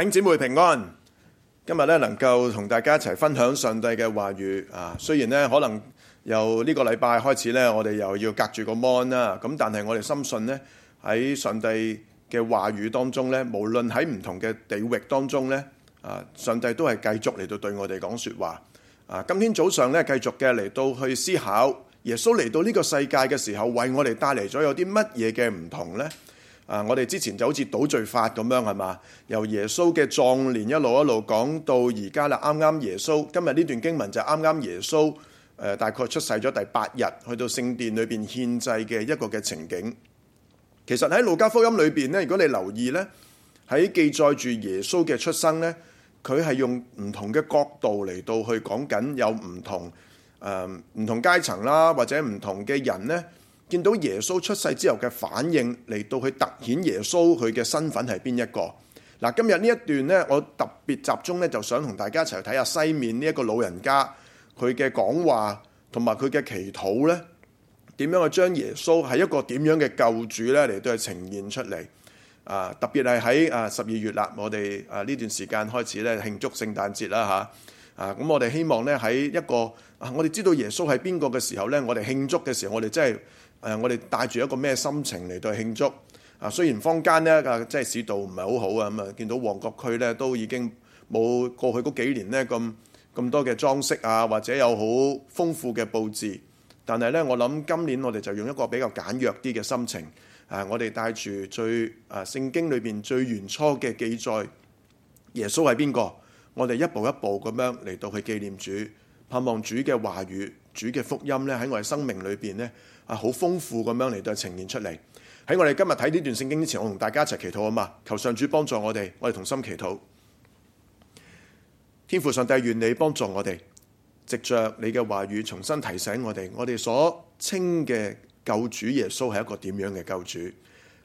兄姊妹平安，今日咧能夠同大家一齊分享上帝嘅話語啊！雖然咧可能由呢個禮拜開始咧，我哋又要隔住個 mon 啦，咁但係我哋深信咧，喺上帝嘅話語當中咧，無論喺唔同嘅地域當中咧，啊上帝都係繼續嚟到對我哋講說話啊！今天早上咧繼續嘅嚟到去思考耶穌嚟到呢個世界嘅時候，為我哋帶嚟咗有啲乜嘢嘅唔同咧？啊！我哋之前就好似倒敘法咁樣，係嘛？由耶穌嘅壯年一路一路講到而家啦。啱啱耶穌今日呢段經文就啱啱耶穌大概出世咗第八日，去到聖殿裏面獻祭嘅一個嘅情景。其實喺路加福音裏面咧，如果你留意咧，喺記載住耶穌嘅出生咧，佢係用唔同嘅角度嚟到去講緊有唔同、嗯、唔同階層啦，或者唔同嘅人咧，見到耶穌出世之後嘅反應，嚟到去突顯耶穌佢嘅身份係邊一個。嗱，今日呢一段呢，我特別集中呢，就想同大家一齊睇下西面呢一個老人家佢嘅講話同埋佢嘅祈禱呢，點樣去將耶穌係一個點樣嘅救主呢？嚟到去呈現出嚟。啊，特別係喺啊十二月啦，我哋啊呢段時間開始呢慶祝聖誕節啦吓，咁、啊啊、我哋希望呢，喺一個啊，我哋知道耶穌係邊個嘅時候呢，我哋慶祝嘅時候，我哋真係。誒、啊，我哋帶住一個咩心情嚟到慶祝啊？雖然坊間呢啊，即、啊、係市道唔係好好啊，咁啊，見到旺角區咧都已經冇過去嗰幾年呢咁咁多嘅裝飾啊，或者有好豐富嘅佈置，但係呢，我諗今年我哋就用一個比較簡約啲嘅心情誒、啊，我哋帶住最誒、啊、聖經裏邊最原初嘅記載，耶穌係邊個？我哋一步一步咁樣嚟到去紀念主，盼望主嘅話語、主嘅福音呢，喺我哋生命裏邊呢。啊！好豐富咁樣嚟到呈現出嚟。喺我哋今日睇呢段聖經之前，我同大家一齊祈禱啊嘛！求上主幫助我哋，我哋同心祈禱。天父上帝，願你幫助我哋，藉着你嘅話語，重新提醒我哋，我哋所稱嘅救主耶穌係一個點樣嘅救主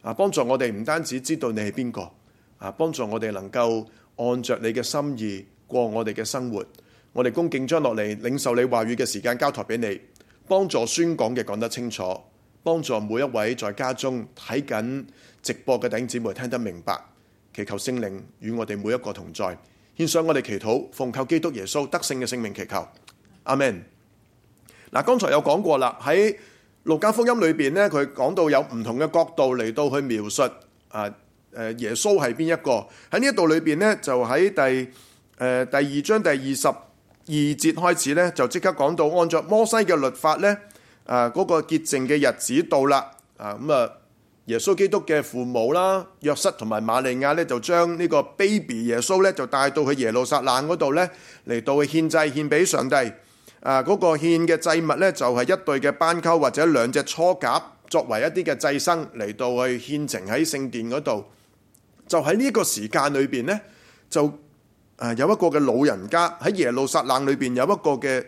啊！幫助我哋唔單止知道你係邊個啊！幫助我哋能夠按着你嘅心意過我哋嘅生活。我哋恭敬將落嚟領受你話語嘅時間交託俾你。幫助宣講嘅講得清楚，幫助每一位在家中睇緊直播嘅弟兄姊妹聽得明白，祈求聖靈與我哋每一個同在，獻上我哋祈禱，奉靠基督耶穌得勝嘅聖命祈求，阿門。嗱，剛才有講過啦，喺《路加福音》裏邊呢，佢講到有唔同嘅角度嚟到去描述啊耶穌係邊一個，喺呢一度裏邊呢，就喺第第二章第二十二節開始咧，就即刻講到，按照摩西嘅律法咧，誒、那、嗰個潔淨嘅日子到啦，啊咁啊，耶穌基督嘅父母啦，約瑟同埋瑪利亞咧，就將呢個 baby 耶穌咧，就帶到去耶路撒冷嗰度咧，嚟到去獻祭獻俾上帝，啊、那、嗰個獻嘅祭物咧，就係一對嘅斑鳩或者兩隻雛鴿作為一啲嘅祭牲嚟到去獻呈喺聖殿嗰度，就喺呢個時間裏邊咧，就。啊，有一個嘅老人家喺耶路撒冷裏邊，有一個嘅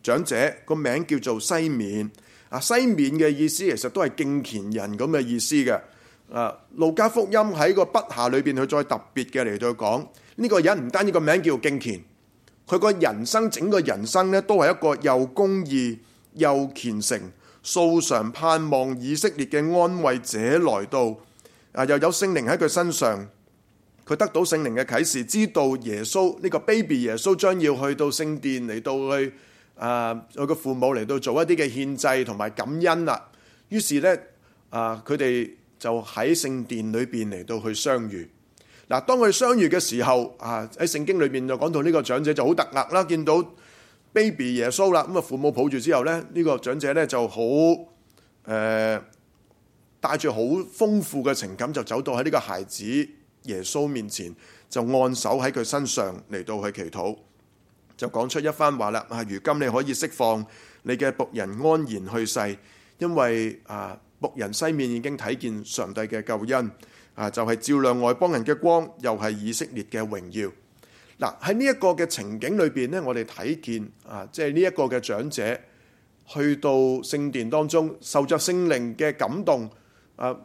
長者，個名叫做西面。啊，西面嘅意思其實都係敬虔人咁嘅意思嘅。啊，路加福音喺個筆下裏邊，佢再特別嘅嚟再講呢個人唔單止個名叫敬虔，佢個人生整個人生呢，都係一個又公義又虔誠，素常盼望以色列嘅安慰者來到。啊，又有聖靈喺佢身上。佢得到聖靈嘅啟示，知道耶穌呢個 baby 耶穌將要去到聖殿嚟到去啊，佢嘅父母嚟到做一啲嘅獻祭同埋感恩啦。於是咧，啊，佢哋、啊、就喺聖殿裏邊嚟到去相遇。嗱、啊，當佢相遇嘅時候，啊，喺聖經裏面就講到呢個長者就好突兀啦，見到 baby 耶穌啦，咁啊，父母抱住之後咧，呢個長者咧就好誒，帶住好豐富嘅情感就走到喺呢個孩子，耶穌面前，就按手喺佢身上嚟到去祈禱，就講出一番話啦。啊，如今你可以釋放你嘅僕人安然去世，因為啊僕人西面已經睇見上帝嘅救恩啊，就係照亮外邦人嘅光，又係以色列嘅榮耀。嗱，喺呢一個嘅情景裏邊咧，我哋睇見啊，即係呢一個嘅長者去到聖殿當中，受着聖靈嘅感動。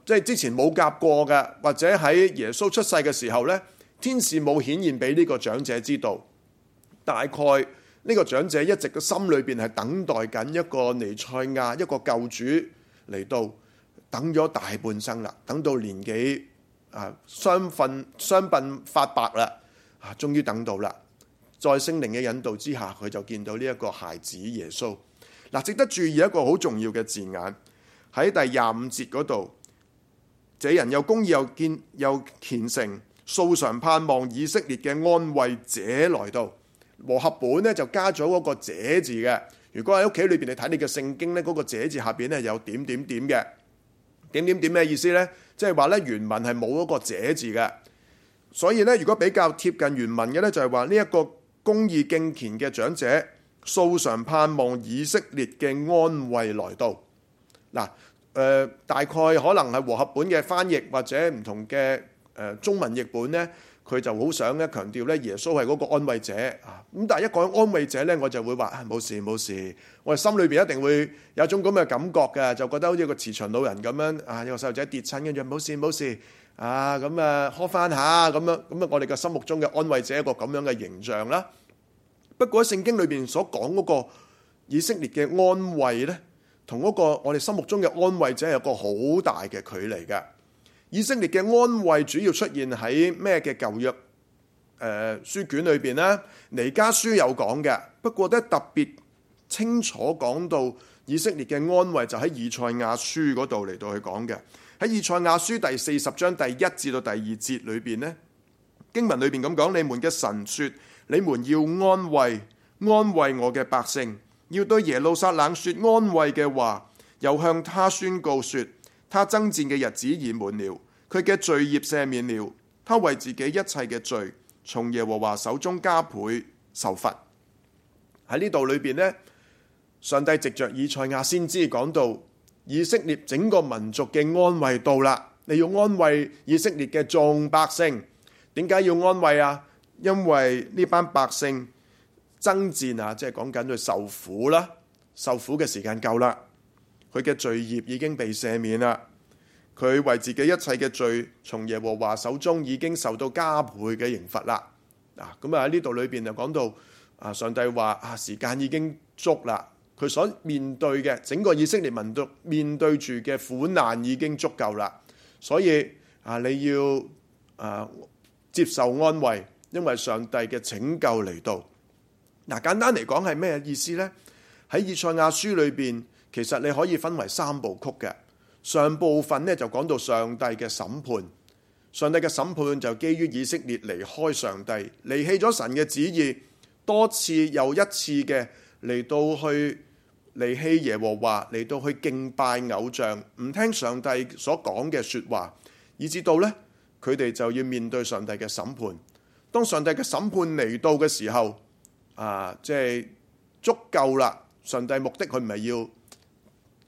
即係之前冇夾過嘅，或者喺耶穌出世嘅時候呢，天使冇顯現俾呢個長者知道。大概呢個長者一直個心裏邊係等待緊一個彌賽亞、一個救主嚟到，等咗大半生啦，等到年紀啊，雙鬢雙鬢髮白啦，啊，終於、啊、等到啦。在聖靈嘅引導之下，佢就見到呢一個孩子耶穌。嗱、啊，值得注意一個好重要嘅字眼喺第廿五節嗰度。這人又公義又見又虔誠，素常盼望以色列嘅安慰者來到。和合本咧就加咗嗰個者字嘅。如果喺屋企裏邊你睇你嘅聖經咧，嗰個者字下邊咧有點點點嘅。點點點咩意思呢？即係話咧，原文係冇嗰個者字嘅。所以咧，如果比較貼近原文嘅，咧就係話呢一個公義敬虔嘅長者，素常盼望以色列嘅安慰來到嗱。誒，大概可能係和合本嘅翻譯或者唔同嘅，誒中文譯本咧，佢就好想咧強調咧，耶穌係嗰個安慰者啊。咁但係一講安慰者咧，我就會話啊，冇事冇事，我哋心裏邊一定會有一種咁嘅感覺嘅，就覺得好似個慈祥老人咁樣啊，有個細路仔跌親，跟住冇事冇事啊，咁啊呵翻下咁樣，咁啊，我哋嘅心目中嘅安慰者一個咁樣嘅形象啦。不過喺聖經裏邊所講嗰個以色列嘅安慰咧。同嗰個我哋心目中嘅安慰者有個好大嘅距離嘅。以色列嘅安慰主要出現喺咩嘅舊約？誒、呃、書卷裏面呢，尼家書有講嘅，不過咧特別清楚講到以色列嘅安慰就喺以賽亞書嗰度嚟到去講嘅。喺以賽亞書第四十章第一至到第二節裏面呢，經文裏面咁講：你們嘅神説，你們要安慰安慰我嘅百姓。要對耶路撒冷說安慰嘅話，又向他宣告說：他爭戰嘅日子已滿了，佢嘅罪孽赦免了。他為自己一切嘅罪，從耶和華手中加倍受罰。喺呢度裏邊呢，上帝藉着以賽亞先知講到：「以色列整個民族嘅安慰到啦，你要安慰以色列嘅眾百姓。」點解要安慰啊？因為呢班百姓，爭戰啊，即係講緊佢受苦啦，受苦嘅時間夠啦，佢嘅罪孽已經被赦免啦。佢為自己一切嘅罪，從耶和華手中已經受到加倍嘅刑罰啦。咁啊喺呢度裏邊就講到啊，上帝話啊，時間已經足啦，佢所面對嘅整個以色列民族面對住嘅苦難已經足夠啦，所以啊，你要啊接受安慰，因為上帝嘅拯救嚟到。嗱，簡單嚟講係咩意思呢？喺以賽亞書裏邊，其實你可以分為三部曲嘅上部分咧，就講到上帝嘅審判。上帝嘅審判就基於以色列離開上帝，離棄咗神嘅旨意，多次又一次嘅嚟到去離棄耶和華，嚟到去敬拜偶像，唔聽上帝所講嘅說話，以至到呢，佢哋就要面對上帝嘅審判。當上帝嘅審判嚟到嘅時候。啊，即係足夠啦！上帝目的佢唔係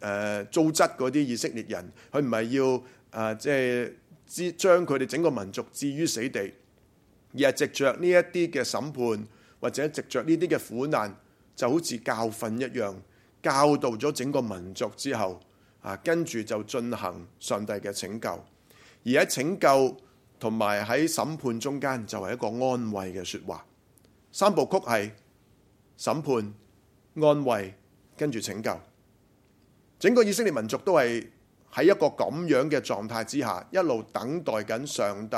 要誒糟質嗰啲以色列人，佢唔係要啊，即係將佢哋整個民族置於死地，而係藉着呢一啲嘅審判或者藉着呢啲嘅苦難，就好似教訓一樣，教導咗整個民族之後啊，跟住就進行上帝嘅拯救，而喺拯救同埋喺審判中間就係一個安慰嘅說話。三部曲係審判、安慰，跟住拯救。整個以色列民族都係喺一個咁樣嘅狀態之下，一路等待緊上帝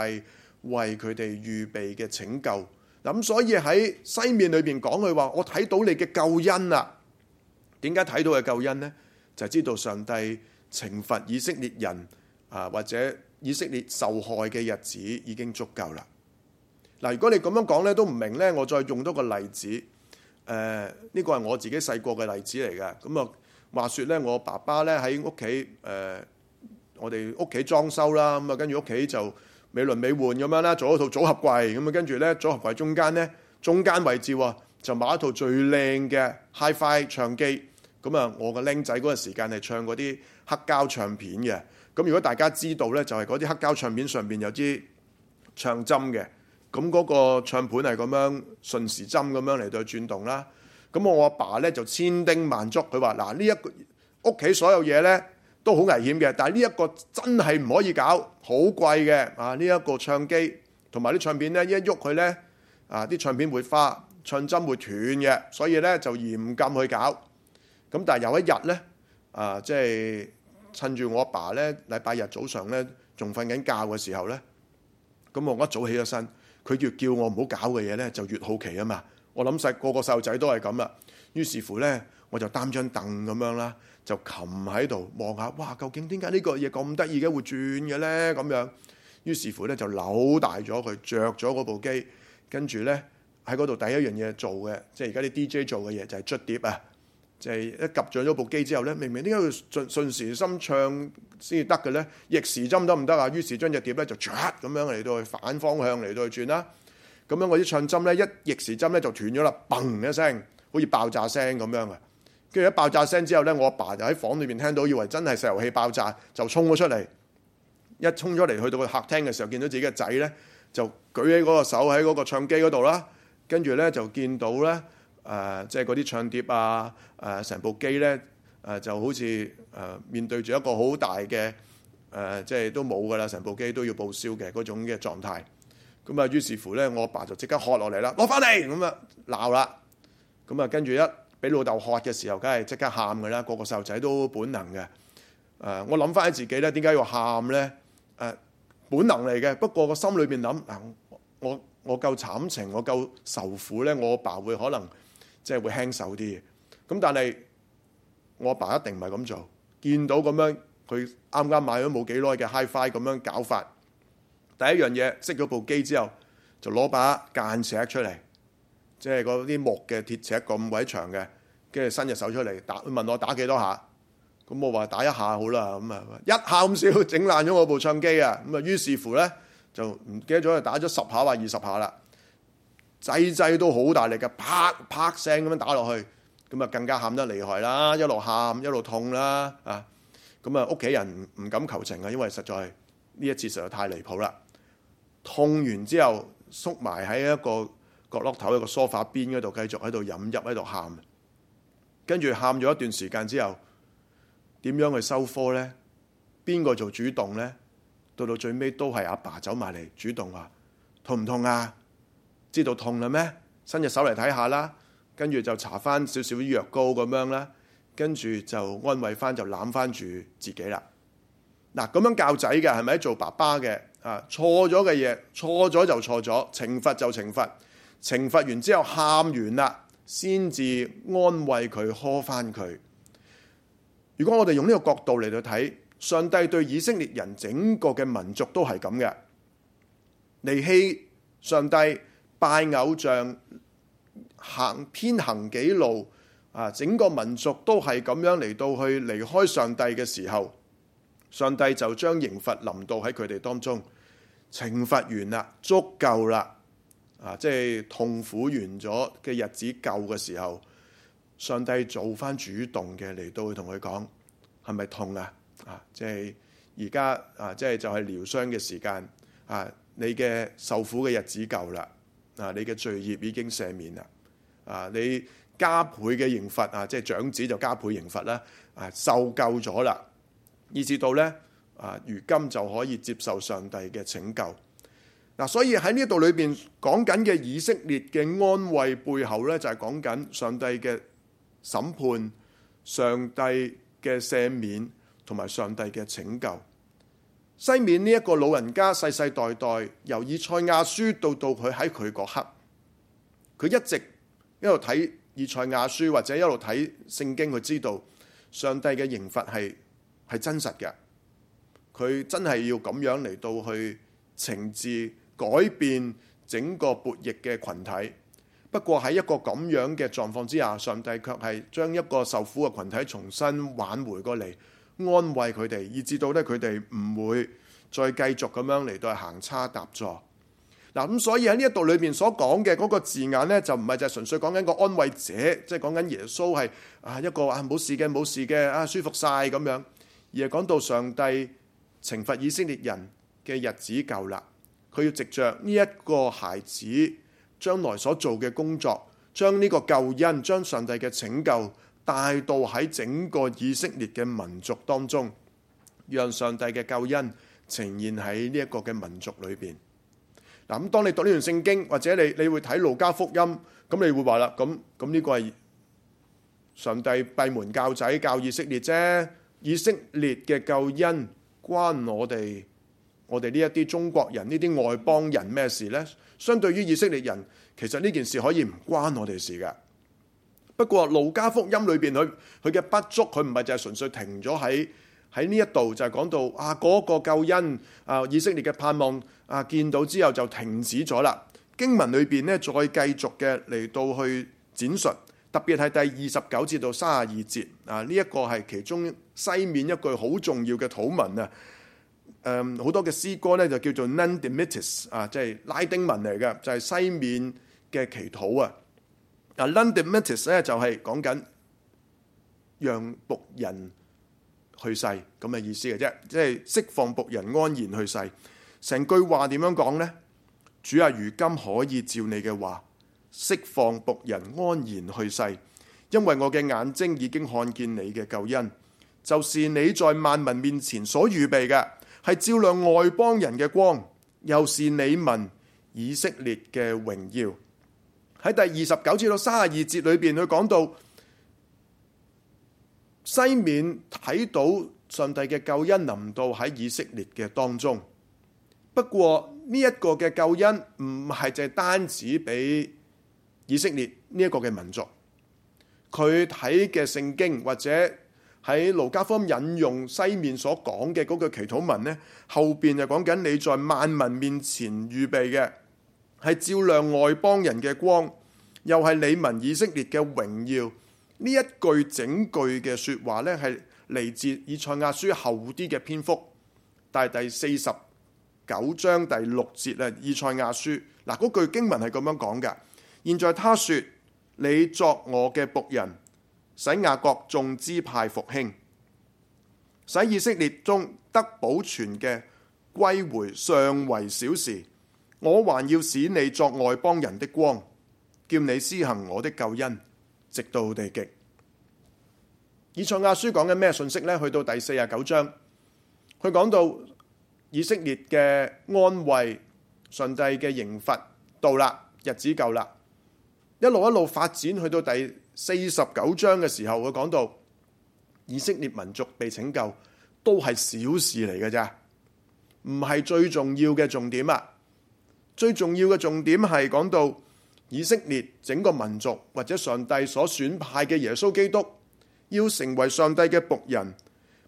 為佢哋預備嘅拯救。咁所以喺西面裏邊講佢話：我睇到你嘅救恩啦。點解睇到嘅救恩呢？就知道上帝懲罰以色列人啊，或者以色列受害嘅日子已經足夠啦。嗱，如果你咁樣講咧，都唔明咧。我再用多個例子，誒、呃，呢個係我自己細個嘅例子嚟嘅。咁啊，話說咧，我爸爸咧喺屋企，誒、呃，我哋屋企裝修啦，咁啊，跟住屋企就美輪美奐咁樣啦，做一套組合櫃，咁啊，跟住咧組合櫃中間咧，中間位置啊，就買一套最靚嘅 Hi-Fi 唱機。咁啊，我個僆仔嗰陣時間係唱嗰啲黑膠唱片嘅。咁如果大家知道咧，就係嗰啲黑膠唱片上邊有啲唱針嘅。咁嗰個唱盤係咁樣順時針咁樣嚟到轉動啦。咁我阿爸咧就千叮萬囑佢話：嗱，呢一個屋企所有嘢咧都好危險嘅，但係呢一個真係唔可以搞，好貴嘅啊！呢一個唱機同埋啲唱片咧一喐佢咧啊，啲唱片會花，唱針會斷嘅，所以咧就嚴禁去搞。咁但係有一日咧啊，即係趁住我阿爸咧禮拜日早上咧仲瞓緊覺嘅時候咧，咁我一早起咗身。佢越叫我唔好搞嘅嘢咧，就越好奇啊嘛！我諗晒個個細路仔都係咁啦。於是乎咧，我就擔張凳咁樣啦，就擒喺度望下，哇！究竟點解呢個嘢咁得意嘅會轉嘅咧？咁樣，於是乎咧就扭大咗佢，着咗部機，跟住咧喺嗰度第一樣嘢做嘅，即係而家啲 DJ 做嘅嘢就係捽碟啊！就係、是、一及著咗部機之後咧，明明點解要順順時針唱先至得嘅咧？逆時針得唔得啊？於是將隻碟咧就唰咁樣嚟到去反方向嚟到去轉啦。咁樣我啲唱針咧一逆時針咧就斷咗啦，砰一聲，好似爆炸聲咁樣嘅。跟住一爆炸聲之後咧，我阿爸，爸就喺房裏面聽到，以為真係石油氣爆炸，就衝咗出嚟。一衝咗嚟去到個客廳嘅時候，見到自己嘅仔咧就舉起嗰個手喺嗰個唱機嗰度啦，跟住咧就見到咧。誒、呃，即係嗰啲唱碟啊，誒、呃，成部機咧，誒、呃，就好似誒、呃、面對住一個好大嘅誒、呃，即係都冇噶啦，成部機都要報銷嘅嗰種嘅狀態。咁啊，於是乎咧，我阿爸就即刻喝落嚟啦，攞翻嚟咁啊鬧啦。咁啊，跟住一俾老豆喝嘅時候，梗係即刻喊噶啦，個個細路仔都本能嘅。誒、呃，我諗翻起自己咧，點解要喊咧？誒、呃，本能嚟嘅。不過我心裏邊諗嗱，我我夠慘情，我夠受苦咧，我阿爸會可能，即係會輕手啲嘅。咁但係我阿爸一定唔係咁做。見到咁樣，佢啱啱買咗冇幾耐嘅 Hi-Fi 咁樣搞法，第一樣嘢熄咗部機之後，就攞把間尺出嚟，即係嗰啲木嘅鐵尺咁鬼長嘅，跟住伸隻手出嚟打，問我打幾多下，咁我話打一下好啦，咁啊一下咁少，整爛咗我部唱機啊，咁啊於是乎咧就唔記得咗，就打咗十下或二十下啦。仔仔都好大力嘅，啪啪聲咁樣打落去，咁啊更加喊得厲害啦，一路喊一路痛啦啊！咁啊，屋企人唔敢求情啊，因為實在呢一次實在太離譜啦。痛完之後縮埋喺一個角落頭一個梳化邊嗰度，繼續喺度飲泣喺度喊，跟住喊咗一段時間之後，點樣去收科咧？邊個做主動咧？到到最尾都係阿爸走埋嚟主動話：痛唔痛啊？知道痛啦咩？伸隻手嚟睇下啦，跟住就搽翻少少藥膏咁樣啦，跟住就安慰翻，就攬翻住自己啦。嗱，咁樣教仔嘅係咪做爸爸嘅啊？錯咗嘅嘢，錯咗就錯咗，懲罰就懲罰，懲罰完之後喊完啦，先至安慰佢，呵翻佢。如果我哋用呢個角度嚟到睇，上帝對以色列人整個嘅民族都係咁嘅，離棄，上帝。拜偶像，行偏行幾路啊！整個民族都係咁樣嚟到去離開上帝嘅時候，上帝就將刑罰臨到喺佢哋當中，懲罰完啦，足夠啦啊！即係痛苦完咗嘅日子夠嘅時候，上帝做返主動嘅嚟到去同佢講，係咪痛啊？啊！即係而家啊！即係就係療傷嘅時間啊！你嘅受苦嘅日子夠啦。啊！你嘅罪孽已經赦免啦！啊！你加倍嘅刑罰啊，即係長子就加倍刑罰啦！啊，受救咗啦，以至到呢，啊，如今就可以接受上帝嘅拯救。嗱、啊，所以喺呢度裏邊講緊嘅以色列嘅安慰背後呢，就係講緊上帝嘅審判、上帝嘅赦免同埋上帝嘅拯救。西面呢一個老人家，世世代代由以賽亞書到到佢喺佢嗰刻，佢一直一路睇以賽亞書或者一路睇聖經，佢知道上帝嘅刑罰係係真實嘅，佢真係要咁樣嚟到去懲治改變整個悖逆嘅群體。不過喺一個咁樣嘅狀況之下，上帝卻係將一個受苦嘅群體重新挽回過嚟。安慰佢哋，以至到咧佢哋唔會再繼續咁樣嚟到行差踏錯。嗱咁，所以喺呢一度裏面所講嘅嗰個字眼咧，就唔係就係純粹講緊個安慰者，即係講緊耶穌係啊一個啊冇事嘅冇事嘅啊舒服晒咁樣，而係講到上帝懲罰以色列人嘅日子夠啦，佢要藉着呢一個孩子將來所做嘅工作，將呢個救恩，將上帝嘅拯救。帶到喺整個以色列嘅民族當中，讓上帝嘅救恩呈現喺呢一個嘅民族裏邊。嗱，咁當你讀呢段聖經，或者你你會睇路加福音，咁你會話啦，咁咁呢個係上帝閉門教仔教以色列啫。以色列嘅救恩關我哋我哋呢一啲中國人呢啲外邦人咩事呢？相對於以色列人，其實呢件事可以唔關我哋事噶。不過，路加福音裏邊佢佢嘅不足，佢唔係就係純粹停咗喺喺呢一度，就係、是、講到啊嗰、那個救恩啊以色列嘅盼望啊見到之後就停止咗啦。經文裏邊咧再繼續嘅嚟到去展述，特別係第二十九節到三十二節啊，呢、這、一個係其中西面一句好重要嘅土文啊，誒好多嘅詩歌咧就叫做 Nunc Dimittis 啊，即、就、係、是、拉丁文嚟嘅，就係、是、西面嘅祈禱啊。啊，Nunc Dimittis 咧就係講緊讓僕人去世咁嘅、這個、意思嘅啫，即、就、係、是、釋放僕人安然去世。成句話點樣講呢？主啊，如今可以照你嘅話釋放僕人安然去世，因為我嘅眼睛已經看見你嘅救恩，就是你在萬民面前所預備嘅，係照亮外邦人嘅光，又是你民以色列嘅榮耀。喺第二十九至到三十二節裏邊，佢講到西面睇到上帝嘅救恩臨到喺以色列嘅當中。不過呢一個嘅救恩唔係就係單止俾以色列呢一個嘅民族。佢睇嘅聖經或者喺路加福音引用西面所講嘅嗰句祈禱文咧，後邊就講緊你在萬民面前預備嘅。係照亮外邦人嘅光，又係你民以色列嘅榮耀。呢一句整句嘅說話呢，係嚟自以賽亞書後啲嘅篇幅，但係第四十九章第六節咧。以賽亞書嗱嗰句經文係咁樣講嘅。現在他說：你作我嘅僕人，使雅各眾支派復興，使以色列中得保存嘅歸回尚為小事。我還要使你作外邦人的光，叫你施行我的救恩，直到地極。以賽亞書講嘅咩信息呢？去到第四十九章，佢講到以色列嘅安慰，上帝嘅刑罰到啦，日子夠啦，一路一路發展去到第四十九章嘅時候，佢講到以色列民族被拯救都係小事嚟嘅咋，唔係最重要嘅重點啊！最重要嘅重點係講到以色列整個民族或者上帝所選派嘅耶穌基督要成為上帝嘅僕人，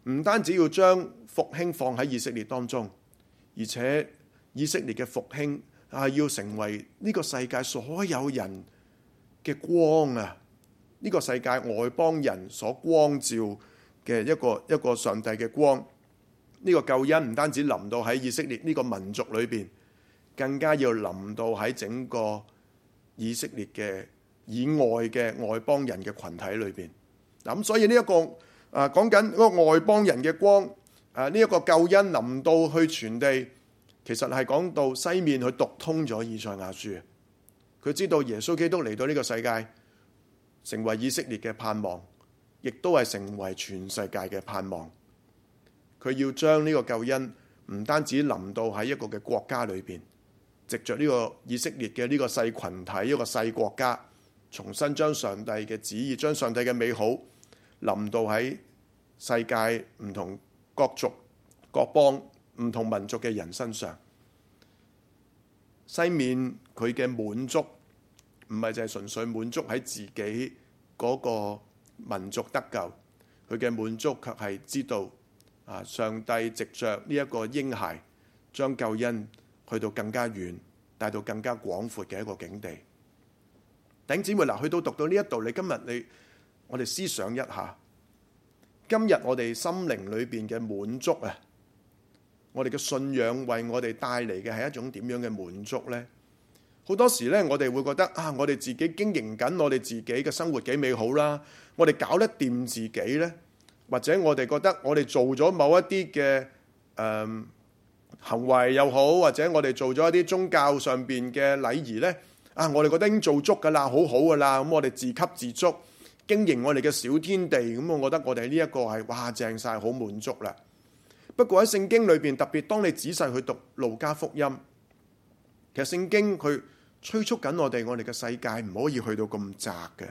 唔單止要將復興放喺以色列當中，而且以色列嘅復興啊，要成為呢個世界所有人嘅光啊，呢個世界外邦人所光照嘅一個一個上帝嘅光，呢個救恩唔單止臨到喺以色列呢個民族裏邊。更加要臨到喺整個以色列嘅以外嘅外邦人嘅群體裏邊。嗱、嗯、咁，所以呢、這、一個啊講緊嗰個外邦人嘅光啊，呢、這、一個救恩臨到去傳遞，其實係講到西面去讀通咗以賽亞書。佢知道耶穌基督嚟到呢個世界，成為以色列嘅盼望，亦都係成為全世界嘅盼望。佢要將呢個救恩唔單止臨到喺一個嘅國家裏邊。藉着呢個以色列嘅呢個細群體，一個細國家，重新將上帝嘅旨意，將上帝嘅美好臨到喺世界唔同各族、各邦、唔同民族嘅人身上。西面佢嘅滿足唔係就係純粹滿足喺自己嗰個民族得救，佢嘅滿足卻係知道啊，上帝藉着呢一個嬰孩將救恩。去到更加遠，帶到更加廣闊嘅一個境地。頂姊妹，去到讀到呢一度，你今日你我哋思想一下，今日我哋心靈裏邊嘅滿足啊，我哋嘅信仰為我哋帶嚟嘅係一種點樣嘅滿足呢？好多時呢，我哋會覺得啊，我哋自己經營緊我哋自己嘅生活幾美好啦，我哋搞得掂自己呢，或者我哋覺得我哋做咗某一啲嘅誒。嗯行為又好，或者我哋做咗一啲宗教上邊嘅禮儀呢，啊，我哋覺得已經做足噶啦，好好噶啦，咁我哋自給自足經營我哋嘅小天地，咁我覺得我哋呢一個係哇正晒，好滿足啦。不過喺聖經裏邊，特別當你仔細去讀路加福音，其實聖經佢催促緊我哋，我哋嘅世界唔可以去到咁窄嘅。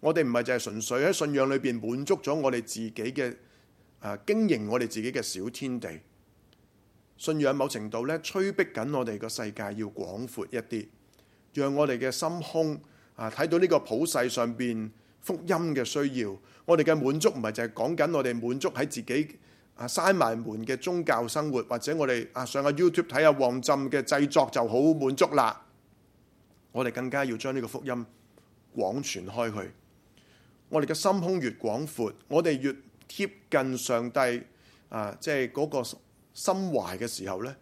我哋唔係就係純粹喺信仰裏邊滿足咗我哋自己嘅，啊，經營我哋自己嘅小天地。信仰某程度咧，催逼緊我哋個世界要廣闊一啲，讓我哋嘅心胸啊，睇到呢個普世上邊福音嘅需要。我哋嘅滿足唔係就係講緊我哋滿足喺自己啊閂埋門嘅宗教生活，或者我哋啊上個 YouTube 睇下、啊、旺浸嘅製作就好滿足啦。我哋更加要將呢個福音廣傳開去。我哋嘅心胸越廣闊，我哋越貼近上帝啊，即係嗰個，心懷嘅時候呢，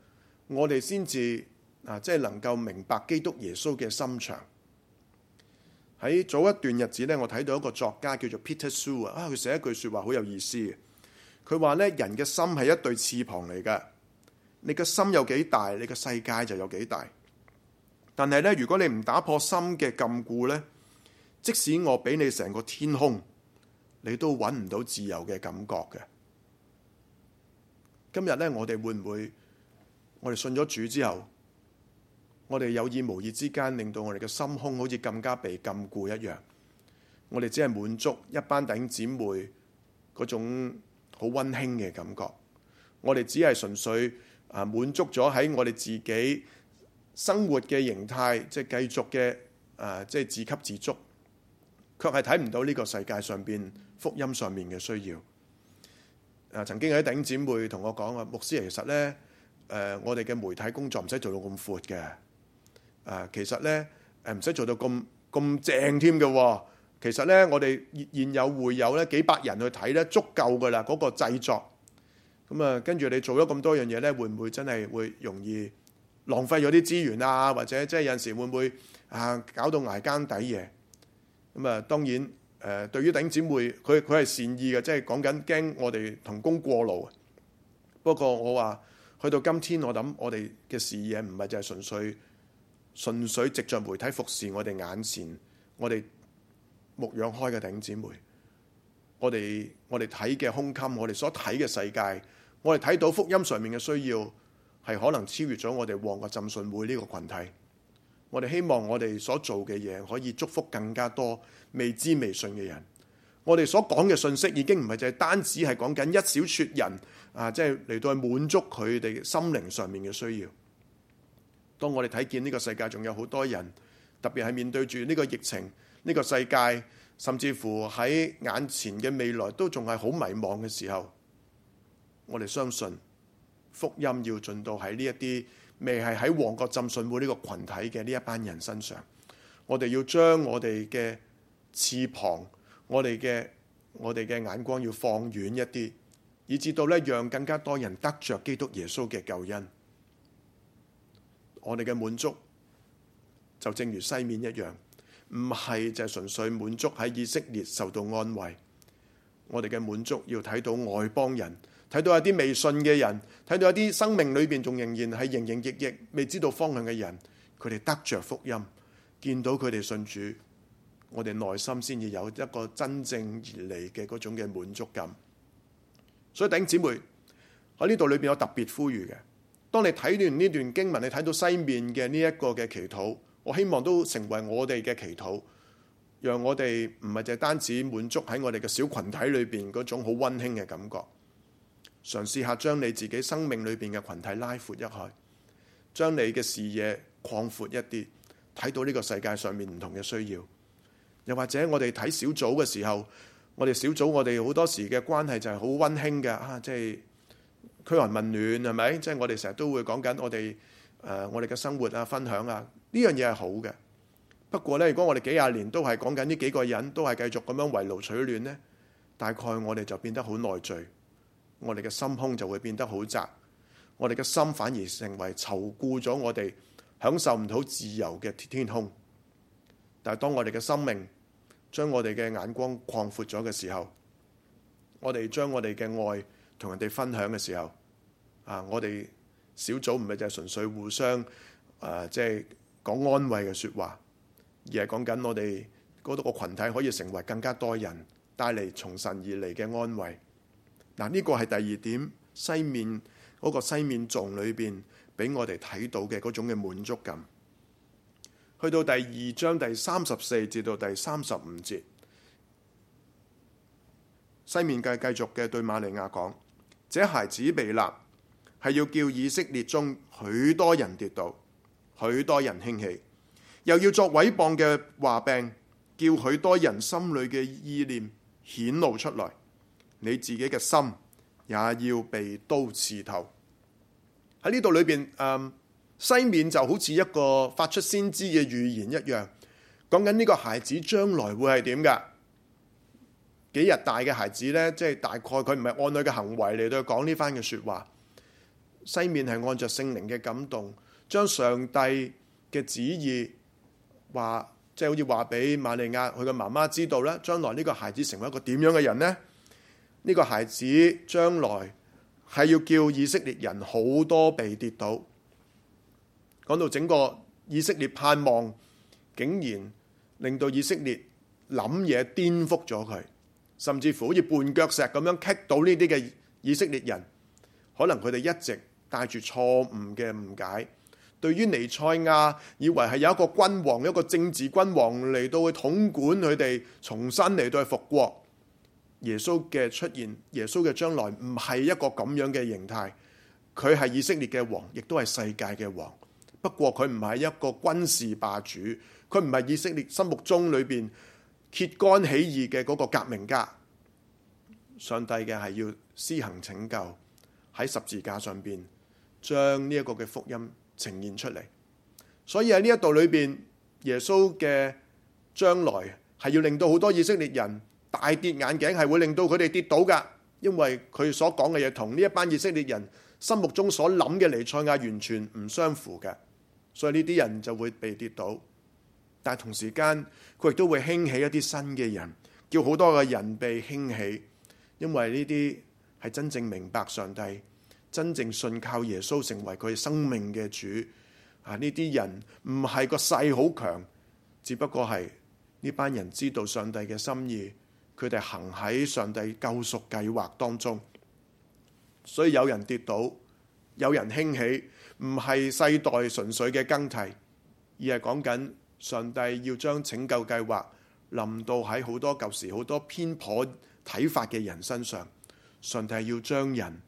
我哋先至啊，即係能夠明白基督耶穌嘅心腸。喺早一段日子呢，我睇到一個作家叫做 Peter Seward 啊，佢寫一句説話好有意思，佢話呢，人嘅心係一對翅膀嚟嘅，你嘅心有幾大，你嘅世界就有幾大。但係呢，如果你唔打破心嘅禁固呢，即使我俾你成個天空，你都揾唔到自由嘅感覺嘅。今日呢，我哋會唔會我哋信咗主之後，我哋有意無意之間令到我哋嘅心胸好似更加被禁錮一樣？我哋只係滿足一班弟兄姊妹嗰種好溫馨嘅感覺，我哋只係純粹啊滿足咗喺我哋自己生活嘅形態，即係繼續嘅啊，即係自給自足，卻係睇唔到呢個世界上面福音上面嘅需要。啊！曾經有啲弟兄姐妹同我講啊，牧師其實咧，誒我哋嘅媒體工作唔使做到咁闊嘅，啊其實咧誒唔使做到咁咁正添嘅。其實咧，我哋現有會有咧幾百人去睇咧，足夠㗎喇。嗰個製作咁啊，跟住你做咗咁多樣嘢咧，會唔會真係會容易浪費咗啲資源啊？或者即係有時會唔會啊搞到捱更抵夜？咁啊，當然。誒、呃，對於弟兄姊妹，佢佢係善意嘅，即係講緊驚我哋同工過勞。不過我話，去到今天，我諗我哋嘅視野唔係就係純粹純粹藉著媒體服侍我哋眼前，我哋牧養開嘅弟兄姊妹。我哋我哋睇嘅胸襟，我哋所睇嘅世界，我哋睇到福音上面嘅需要，係可能超越咗我哋旺角嘅浸信會呢個群體。我哋希望我哋所做嘅嘢可以祝福更加多未知未信嘅人。我哋所講嘅信息已經唔係就係單止係講緊一小撮人啊，即係嚟到去滿足佢哋心靈上面嘅需要。當我哋睇見呢個世界仲有好多人，特別係面對住呢個疫情、呢個世界，甚至乎喺眼前嘅未來都仲係好迷茫嘅時候，我哋相信福音要進到喺呢一啲。未係喺旺角浸信會呢個群體嘅呢一班人身上，我哋要將我哋嘅翅膀，我哋嘅我哋嘅眼光要放遠一啲，以至到咧，讓更加多人得着基督耶穌嘅救恩。我哋嘅滿足就正如西面一樣，唔係就係純粹滿足喺以色列受到安慰。我哋嘅滿足要睇到外邦人。睇到一啲未信嘅人，睇到一啲生命裏邊仲仍然係營營役役未知道方向嘅人，佢哋得着福音，見到佢哋信主，我哋內心先至有一個真正而嚟嘅嗰種嘅滿足感。所以，弟兄姊妹喺呢度裏邊有特別呼籲嘅。當你睇完呢段經文，你睇到西面嘅呢一個嘅祈禱，我希望都成為我哋嘅祈禱，讓我哋唔係就單止滿足喺我哋嘅小群體裏邊嗰種好温馨嘅感覺。嘗試下將你自己生命裏邊嘅群體拉闊一去，將你嘅視野擴闊一啲，睇到呢個世界上面唔同嘅需要。又或者我哋睇小組嘅時候，我哋小組我哋好多時嘅關係就係好温馨嘅，啊，即係驅寒問暖係咪？即係我哋成日都會講緊我哋誒、呃、我哋嘅生活啊、分享啊，呢樣嘢係好嘅。不過呢，如果我哋幾廿年都係講緊呢幾個人都係繼續咁樣圍爐取暖呢，大概我哋就變得好內聚。我哋嘅心胸就會變得好窄，我哋嘅心反而成為囚顧咗我哋享受唔到自由嘅天空。但係當我哋嘅生命將我哋嘅眼光擴闊咗嘅時候，我哋將我哋嘅愛同人哋分享嘅時候，啊！我哋小組唔係就係純粹互相誒，即、啊、係、就係、講安慰嘅説話，而係講緊我哋嗰度個群體可以成為更加多人帶嚟從神而嚟嘅安慰。嗱，呢個係第二點，西面嗰、那個西面頌裡邊俾我哋睇到嘅嗰種嘅滿足感。去到第二章第三十四節到第三十五節，西面界繼續嘅對瑪利亞講：這孩子被立，係要叫以色列中許多人跌倒，許多人興起，又要作毀謗嘅話柄，叫許多人心裏嘅意念顯露出來。你自己嘅心也要被刀刺透喺呢度裏邊，嗯，西面就好似一個發出先知嘅預言一樣，講緊呢個孩子將來會係點噶？幾日大嘅孩子呢，即係大概佢唔係按佢嘅行為嚟到講呢番嘅說話。西面係按着聖靈嘅感動，將上帝嘅旨意話，即係好似話俾瑪利亞佢嘅媽媽知道咧，將來呢個孩子成為一個點樣嘅人呢？呢、這個孩子將來係要叫以色列人好多被跌倒，講到整個以色列盼望，竟然令到以色列諗嘢顛覆咗佢，甚至乎好似絆腳石咁樣棘到呢啲嘅以色列人，可能佢哋一直帶住錯誤嘅誤解，對於彌賽亞以為係有一個君王，一個政治君王嚟到去統管佢哋，重新嚟到去復國。耶穌嘅出現，耶穌嘅將來唔係一個咁樣嘅形態，佢係以色列嘅王，亦都係世界嘅王。不過佢唔係一個軍事霸主，佢唔係以色列心目中裏邊揭竿起義嘅嗰個革命家。上帝嘅係要施行拯救，喺十字架上邊將呢一個嘅福音呈現出嚟。所以喺呢一度裏邊，耶穌嘅將來係要令到好多以色列人。大跌眼鏡，係會令到佢哋跌倒噶，因為佢所講嘅嘢同呢一班以色列人心目中所諗嘅彌賽亞完全唔相符嘅，所以呢啲人就會被跌倒。但同時間佢亦都會興起一啲新嘅人，叫好多嘅人被興起，因為呢啲係真正明白上帝、真正信靠耶穌成為佢生命嘅主啊！呢啲人唔係個勢好強，只不過係呢班人知道上帝嘅心意。佢哋行喺上帝救贖計劃當中，所以有人跌倒，有人興起，唔係世代純粹嘅更替，而係講緊上帝要將拯救計劃臨到喺好多舊時好多偏頗睇法嘅人身上。上帝要將人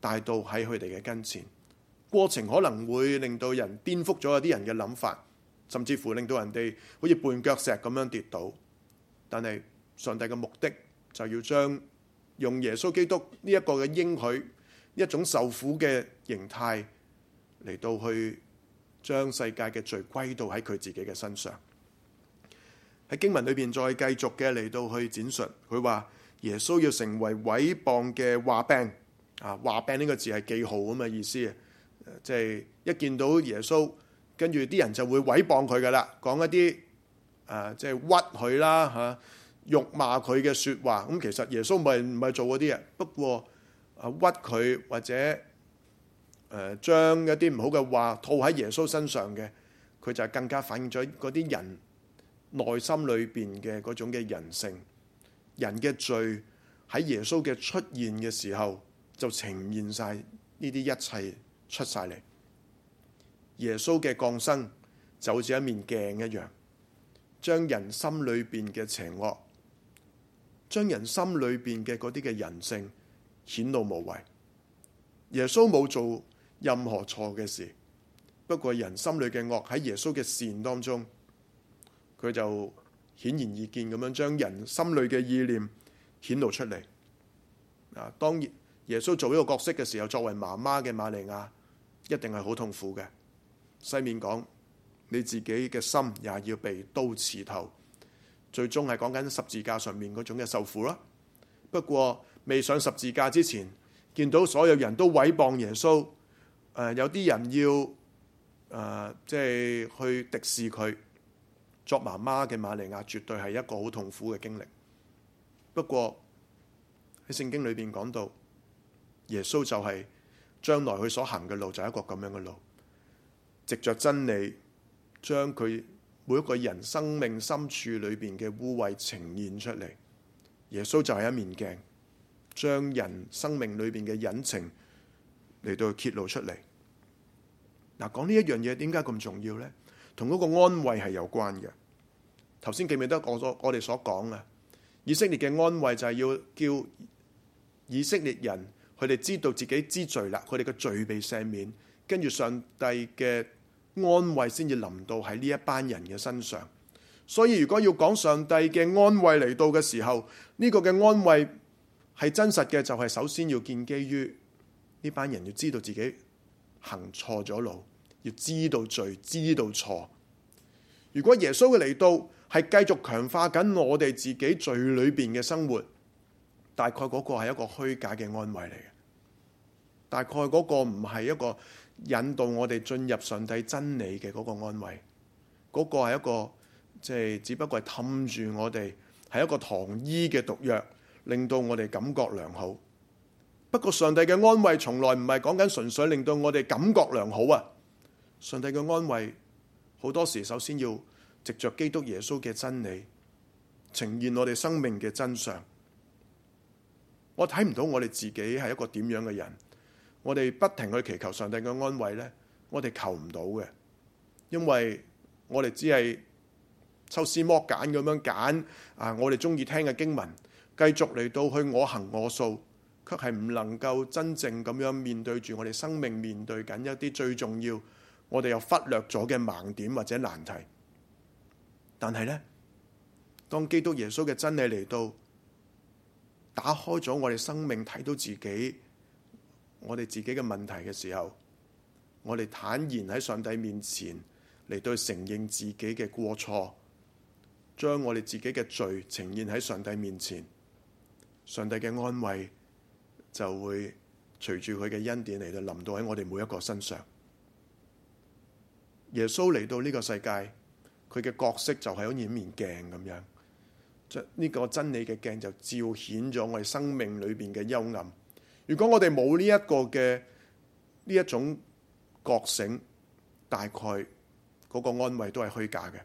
帶到喺佢哋嘅跟前，過程可能會令到人顛覆咗一啲人嘅諗法，甚至乎令到人哋好似絆腳石咁樣跌倒，但係。上帝嘅目的就要將用耶穌基督呢一個嘅應許，一種受苦嘅形態嚟到去將世界嘅罪歸到喺佢自己嘅身上。喺經文裏邊再繼續嘅嚟到去展述，佢話耶穌要成為毀謗嘅話柄。啊，話柄呢個字係記號咁嘅意思，即係一見到耶穌，跟住啲人就會毀謗佢噶啦，講一啲誒，即係屈佢啦吓。啊就是辱罵佢嘅說話，咁其實耶穌唔係唔係做嗰啲嘢，不過屈佢或者誒、呃、將一啲唔好嘅話套喺耶穌身上嘅，佢就更加反映咗嗰啲人內心裏邊嘅嗰種嘅人性，人嘅罪喺耶穌嘅出現嘅時候就呈現晒呢啲一切出晒嚟。耶穌嘅降生就好似一面鏡一樣，將人心裏邊嘅邪惡，將人心裏面嘅嗰啲嘅人性顯露無遺，耶穌冇做任何錯嘅事，不過人心裏嘅惡喺耶穌嘅善當中，佢就顯然易見咁樣將人心裏嘅意念顯露出嚟。啊，當然耶穌做呢個角色嘅時候，作為媽媽嘅瑪利亞，一定係好痛苦嘅。西面講，你自己嘅心也要被刀刺透。最終係講緊十字架上面嗰種嘅受苦啦。不過未上十字架之前，見到所有人都毀謗耶穌，誒、呃，有啲人要誒，即、呃、係、就是、去敵視佢。作媽媽嘅瑪利亞絕對係一個好痛苦嘅經歷。不過喺聖經裏邊講到，耶穌就係將來佢所行嘅路就係一個咁樣嘅路，藉着真理，將佢。每一個人生命深處裏邊嘅污穢呈現出嚟，耶穌就係一面鏡，將人生命裏邊嘅隱情嚟到揭露出嚟。嗱，講呢一樣嘢點解咁重要咧？同嗰個安慰係有關嘅。頭先記唔記得講咗我哋所講啊？以色列嘅安慰就係要叫以色列人，佢哋知道自己知罪啦，佢哋嘅罪被赦免，跟住上帝嘅。安慰先至臨到喺呢一班人嘅身上，所以如果要講上帝嘅安慰嚟到嘅時候，呢個嘅安慰係真實嘅，就係首先要建基於呢班人要知道自己行錯咗路，要知道罪，知道罪，知道錯。如果耶穌嘅嚟到係繼續強化緊我哋自己罪裏邊嘅生活，大概嗰個係一個虛假嘅安慰嚟嘅，大概嗰個唔係一個。引導我哋進入上帝真理嘅嗰個安慰，嗰個係一個即係只不過係氹住我哋，係一個糖衣嘅毒藥，令到我哋感覺良好。不過上帝嘅安慰從來唔係講緊純粹令到我哋感覺良好啊！上帝嘅安慰好多時首先要藉着基督耶穌嘅真理呈現我哋生命嘅真相。我睇唔到我哋自己係一個點樣嘅人。我哋不停去祈求上帝嘅安慰咧，我哋求唔到嘅，因為我哋只係抽絲剝繭咁樣揀啊，我哋中意聽嘅經文，繼續嚟到去我行我素，卻係唔能夠真正咁樣面對住我哋生命，面對緊一啲最重要，我哋又忽略咗嘅盲點或者難題。但係咧，當基督耶穌嘅真理嚟到，打開咗我哋生命，睇到自己，我哋自己嘅問題嘅時候，我哋坦然喺上帝面前嚟到承認自己嘅過錯，將我哋自己嘅罪呈現喺上帝面前，上帝嘅安慰就會隨住佢嘅恩典嚟到臨到喺我哋每一個身上。耶穌嚟到呢個世界，佢嘅角色就係好似一面鏡咁樣，呢、這個真理嘅鏡就照顯咗我哋生命裏邊嘅幽暗。如果我哋冇呢一個嘅，呢一種覺醒，大概嗰個安慰都係虛假嘅，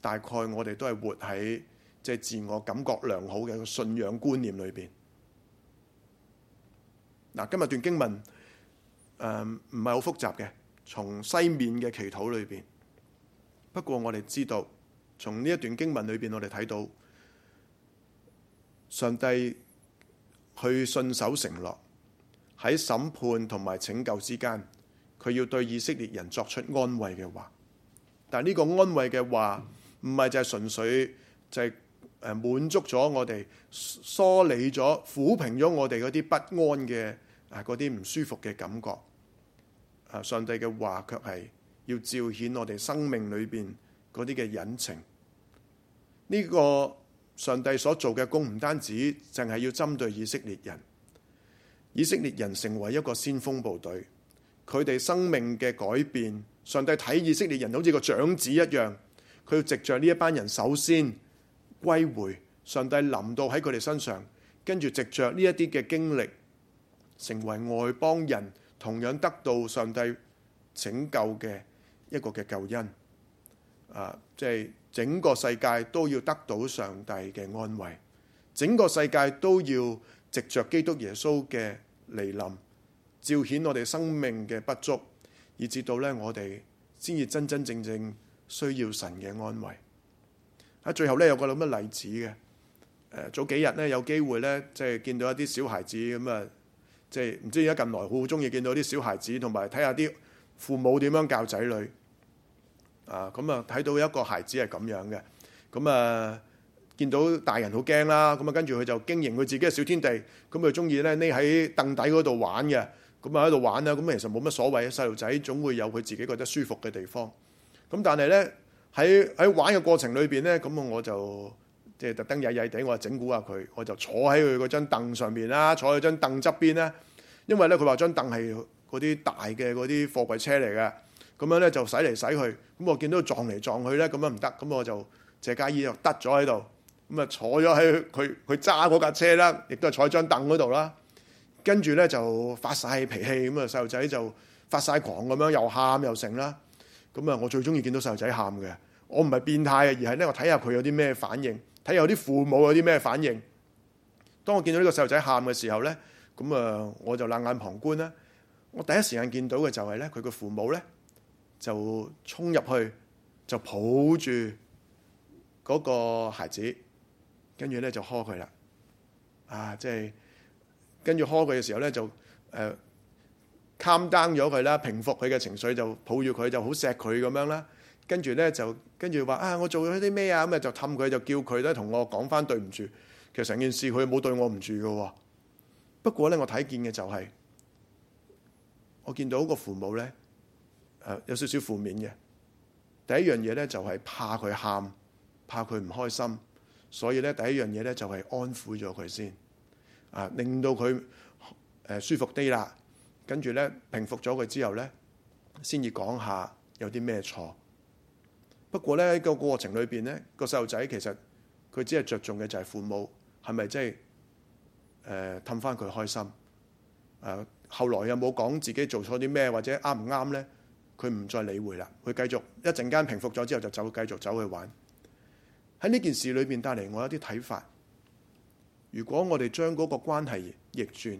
大概我哋都係活喺即係自我感覺良好嘅信仰觀念裏邊。嗱，今日段經文誒，唔係好複雜嘅，從西面嘅祈禱裏邊。不過我哋知道，從呢一段經文裏邊，我哋睇到上帝。去信守承諾，喺審判同埋拯救之間，佢要對以色列人作出安慰嘅話，但係呢個安慰嘅話唔係就係純粹就係滿足咗我哋梳理咗撫平咗我哋嗰啲不安嘅啊嗰啲唔舒服嘅感覺啊，上帝嘅話卻係要彰顯我哋生命裏邊嗰啲嘅隱情呢個。上帝所做嘅工唔單止淨係要針對以色列人，以色列人成為一個先鋒部隊，佢哋生命嘅改變，上帝睇以色列人好似個長子一樣，佢要藉着呢一班人首先歸回，上帝臨到喺佢哋身上，跟住藉着呢一啲嘅經歷，成為外邦人同樣得到上帝拯救嘅一個嘅救恩，啊，即係。整個世界都要得到上帝嘅安慰，整個世界都要藉着基督耶穌嘅嚟臨，照顯我哋生命嘅不足，以至到咧我哋先至真真正正需要神嘅安慰。喺最後咧有個諗乜例子嘅？早幾日咧有機會咧，即係見到一啲小孩子咁啊，即係唔知而家近來好中意見到啲小孩子，同埋睇下啲父母點樣教仔女。啊，咁啊睇到一個孩子係咁樣嘅，咁啊見到大人好驚啦，咁啊跟住佢就經營佢自己嘅小天地，咁佢中意咧匿喺凳底嗰度玩嘅，咁啊喺度玩啦，咁其實冇乜所謂，細路仔總會有佢自己覺得舒服嘅地方。咁但係咧喺喺玩嘅過程裏邊咧，咁啊我就即係特登曳曳地，我整蠱下佢，我就坐喺佢嗰張凳上面啦，坐喺張凳側邊咧，因為咧佢話張凳係嗰啲大嘅嗰啲貨櫃車嚟嘅。咁樣咧就洗嚟洗去，咁我見到撞嚟撞去咧，咁樣唔得，咁我就謝家儀又得咗喺度，咁啊坐咗喺佢佢揸嗰架車啦，亦都係坐喺張凳嗰度啦，跟住咧就發晒脾氣，咁啊細路仔就發晒狂咁樣，又喊又成啦，咁啊我最中意見到細路仔喊嘅，我唔係變態嘅，而係咧我睇下佢有啲咩反應，睇下有啲父母有啲咩反應。當我見到呢個細路仔喊嘅時候咧，咁啊我就冷眼旁觀啦。我第一時間見到嘅就係咧佢嘅父母咧。就衝入去，就抱住嗰個孩子，跟住咧就呵佢啦。啊，即係跟住呵佢嘅時候咧，就誒 calm 咗佢啦，平復佢嘅情緒，就抱住佢就好錫佢咁樣啦。跟住咧就跟住話啊，我做咗啲咩啊？咁啊就氹佢，就叫佢咧同我講翻對唔住。其實成件事佢冇對我唔住嘅。不過咧，我睇見嘅就係、是、我見到個父母咧。誒有少少負面嘅第一樣嘢咧，就係怕佢喊，怕佢唔開心，所以咧第一樣嘢咧就係安撫咗佢先啊，令到佢誒舒服啲啦。跟住咧平復咗佢之後咧，先至講下有啲咩錯。不過咧，個過程裏邊咧，個細路仔其實佢只係着重嘅就係父母係咪真係誒氹返佢開心誒、呃？後來有冇講自己做錯啲咩或者啱唔啱咧？佢唔再理會啦，佢繼續一陣間平復咗之後就走，繼續走去玩。喺呢件事裏面帶嚟我有啲睇法。如果我哋將嗰個關係逆轉，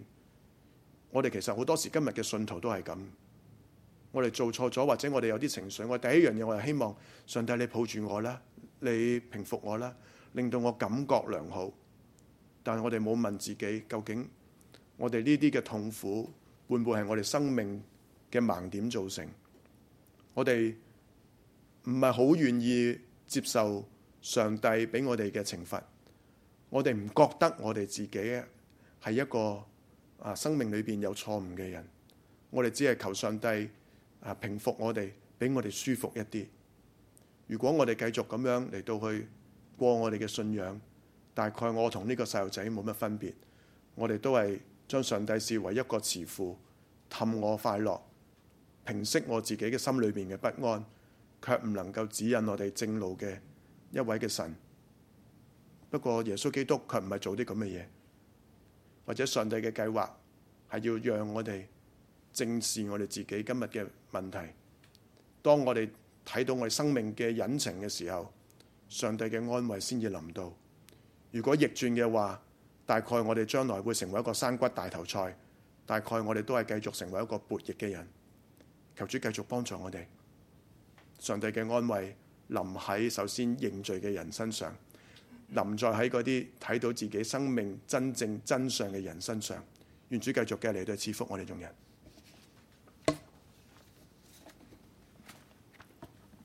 我哋其實好多時今日嘅信徒都係咁。我哋做錯咗，或者我哋有啲情緒。我第一樣嘢，我係希望上帝你抱住我啦，你平復我啦，令到我感覺良好。但係我哋冇問自己究竟我哋呢啲嘅痛苦會唔會係我哋生命嘅盲點造成？我哋唔係好願意接受上帝俾我哋嘅懲罰，我哋唔覺得我哋自己係一個啊生命裏邊有錯誤嘅人，我哋只係求上帝啊平復我哋，俾我哋舒服一啲。如果我哋繼續咁樣嚟到去過我哋嘅信仰，大概我同呢個細路仔冇乜分別，我哋都係將上帝視為一個慈父，氹我快樂。平息我自己嘅心裏面嘅不安，卻唔能夠指引我哋正路嘅一位嘅神。不過耶穌基督卻唔係做啲咁嘅嘢，或者上帝嘅計劃係要讓我哋正視我哋自己今日嘅問題。當我哋睇到我哋生命嘅隱情嘅時候，上帝嘅安慰先至臨到。如果逆轉嘅話，大概我哋將來會成為一個山骨大頭菜生骨大頭菜。大概我哋都係繼續成為一個叛逆嘅人。求主繼續幫助我哋，上帝嘅安慰臨喺首先認罪嘅人身上，臨在喺嗰啲睇到自己生命真正真相嘅人身上，願主繼續嘅嚟到賜福我哋眾人。